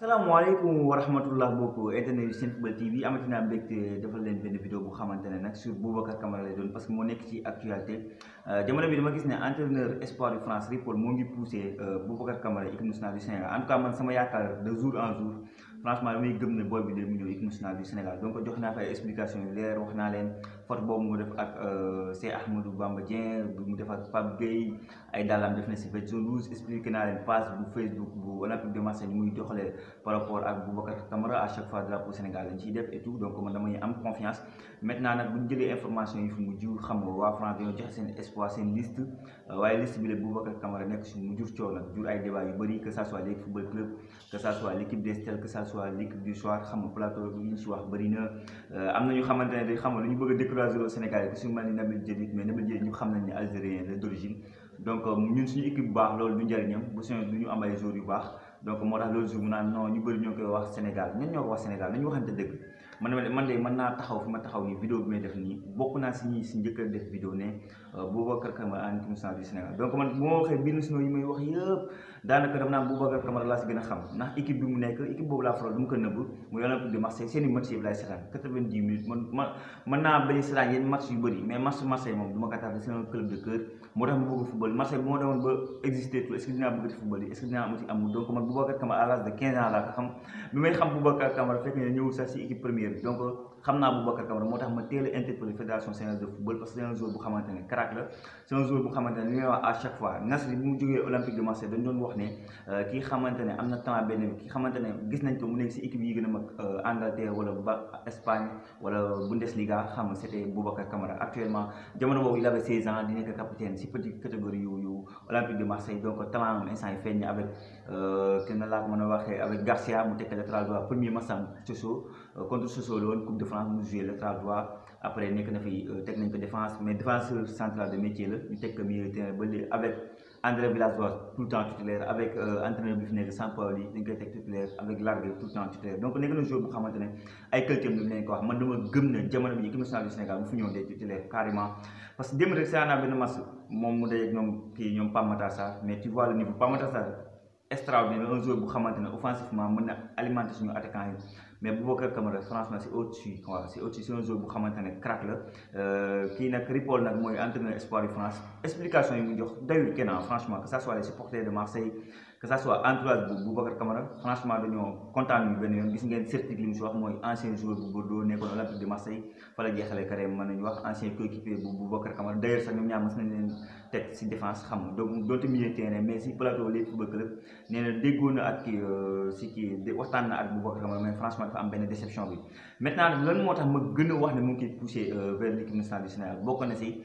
salaamaaleykum wa rahmatullah bokk internet yu Senfootball TV amati naa mbégte defal leen benn vidéo bu xamante ne nag sur Boubacar Kamara lay doon parce que moo nekk ci actualité euh, jamono bi dama gis ne entraîneur espoir du France Ripoll moo ngi poussé euh, Boubacar Kamara équipe nationale du Sénégal sama yaakaar de jour en jour franchement damay gëm ne booy bi de mu ñëw équipe nationale du Sénégal donc jox naa fa explication yu leer wax naa leen foto boobu def ak euh, Cheikh Ahmadou Bamba Dieng bu mu def ak Pape Gueye ay dàllam na si vingt douze expliqué naa leen page bu Facebook bu Olympique de Marseille muy doxalee par rapport ak Boubacar Camara à chaque fois drapeau Sénégal lañ ciy def et tout man damay am confiance maintenant bu jëlee information yi fi mu jiw xam nga waa France dañoo joxe seen espoir seen liste euh, waaye liste bi la soit l'équipe du soir xam nga plateau bi ñu si wax na euh, am na ñu xamante ne day xam nga lu ñu bëgg a décourager au Sénégal su ma ni Nabil Djellit mais Nabil Djellit ñu xam nañ ne algérien la d'origine donc euh, ñun suñu équipe bu baax loolu du njëriñam bu suñu du ñu am ay joueurs yu baax donc moo tax loolu jour mu naan non ñu bëri ñoo koy wax Sénégal ñun ñoo ko wax Sénégal nañu waxante dëgg man man de man naa taxaw fi ma taxaw ni vidéo bi may def nii bokk naa si ñi si njëkk a def vidéo ne euh, Boubacar Camara en team du Sénégal donc man bu ma waxee bind sino yi may wax yëpp daanaka dama naan Boubacar Camara laa si gën a xam ndax équipe bi mu nekk équipe boobu laa faral du ma ko nëbb mu Olympique de Marseille seen i match yëpp laay seetaan 90 minutes man man mën naa bañ a match yu bëri mais match Marseille moom du ma ko tardé c'est club de cœur moo tax ma bëgg football Marseille bu ma ba exister tout est-ce que dinaa bëggati football est-ce que dinaa amati am donc man Boubacar Camara à l'âge de 15 ans laa ko xam bi may xam Boubacar Camara fekk ne ñëw sax équipe première bi donc xam naa Boubacar Kamara moo tax ma teel a interpellé fédération sénégalaise de football parce que c'est un joueur bu xamante ne crack la c'est un joueur bu xamante ne li ngay wax à chaque fois Nasri bi mu jógee Olympique de Marseille dañ doon wax ne euh, ki xamante ne am na talent benn bi ki xamante ne gis nañ ko mu nekk si équipe yi gën a mag euh, Angleterre wala ba Espagne wala Bundesliga xam nga c'était Boubacar Kamara actuellement jamono boobu il avait 16 ans di nekk capitaine si petite catégorie yu yu Olympique de Marseille donc talent am instant yi feeñ avec euh, kenn laa ko mën a waxee avec Garcia mu tekk latéral droit premier match ceso contre Soso la Coupe de France nous jouer le droit après nek na fi euh, teg nañ ko défense mais défenseur central de métier la ni tek ko milieu terrain avec André Villas-Boas tout le temps titulaire avec euh, entraîneur bi fi Saint Paul ni koy tek titulaire avec Largué tout le temps titulaire donc nek na joueur bu xamantene ay qualités ni leen ko wax man dama gëm na jamono bi équipe nationale du Sénégal mu fi ñëw dé titulaire carrément parce que dem rek saa naa benn match moom mu dajeeg ñoom kii ñoom Pape Matar Sarr mais tu vois le niveau Pamata Matar Sarr extraordinaire un joueur bu xamante offensivement mën na alimenter son attaquant mais Boubacar Kamara franchement c'est au-dessus quoi c'est au-dessus c'est un joueur bu xamante ne crack la euh, kii nag Ripoll nag mooy entraîneur espoir de France explication yi mu jox dayul kenn franchement que ça soit les supporters de Marseille que ça soit entourage bu Boubacar Camara franchement dañoo kontaan ñu benn yoon gis ngeen certique li mu si wax mooy ancien joueur bu Bordeaux nekkoon Olympique de Marseille bu Boubacar Camara sax ñoom ñaar mës nañ leen teg si défense xam donc doonte milieu terrain mais si plateau les football club nee na ak kii euh, si kii waxtaan na ak Boubacar Camara mais franchement dafa am benn déception bi maintenant lan moo tax ma gën a wax ne mu ngi koy poussé euh, vers l'équipe nationale bokk na si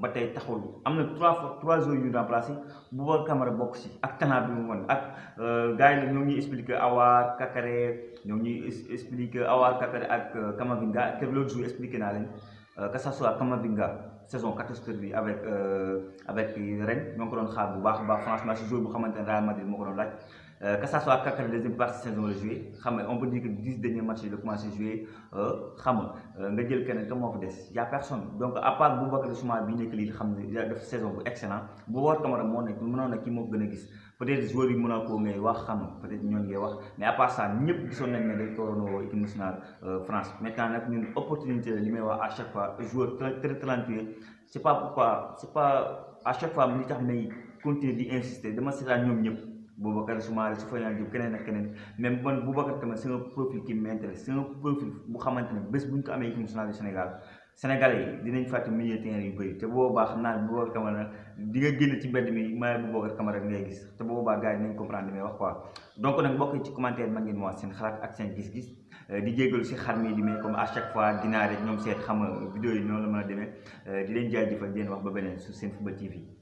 ba tey taxawul am na trois fois trois jours yu remplacé Boubacar Kamara bokk si ak talent bi mu wan ak euh, gars yi la ñoo ngi expliqué Awar Kakare ñoo ñuy expliqué Awar Kakare ak euh, Kamavinga te l'autre jour expliqué naa leen euh, que ça soit Kamavinga saison catastrophique bi avec avec Rennes ñoo ngi ko doon xaar bu baax a baax franchement si bu xamante ne Real Madrid moo ko doon laaj. Euh, que ça soit Kaka, la deuxième partie saison de jouer, on peut dire que les 10 derniers matchs, il a commencé à jouer. Il euh, euh, n'y a personne. Donc, à part Boubacar Souma, il a fait saison excellente. Boubacar Kamara, il a fait une peut-être joueur yi Monaco ngay wax xam peut-être ñoon ngay wax mais à part ça ñëpp gisoon nañ ne day toronoo équipe nationale France maintenant nag ñun opportunité la li may wax à chaque fois joueur très talentueux c'est pas pourquoi c'est pas à chaque fois li tax may continuer di insister dama seetaan ñoom ñëpp Boubacar Soumaré Soufiane Diop keneen ak keneen même man Boubacar tamit c'est un profil qui m'intéresse c'est bu xamante ne bés bu ñu ko amee équipe nationale du Sénégal yi dinañ fàtte milieu yu bëri te boobaa naa ne Boubacar Camara nag mi maa Boubacar Camara te boobaa gars yi dinañ comprendre mais wax ngeen wax seen xalaat ak seen gis-gis euh, di jégalu si xar seet xam nga vidéo yi noonu la mën a demee euh, di leen jaajëfal di leen wax ba beneen sur seen Senfootball TV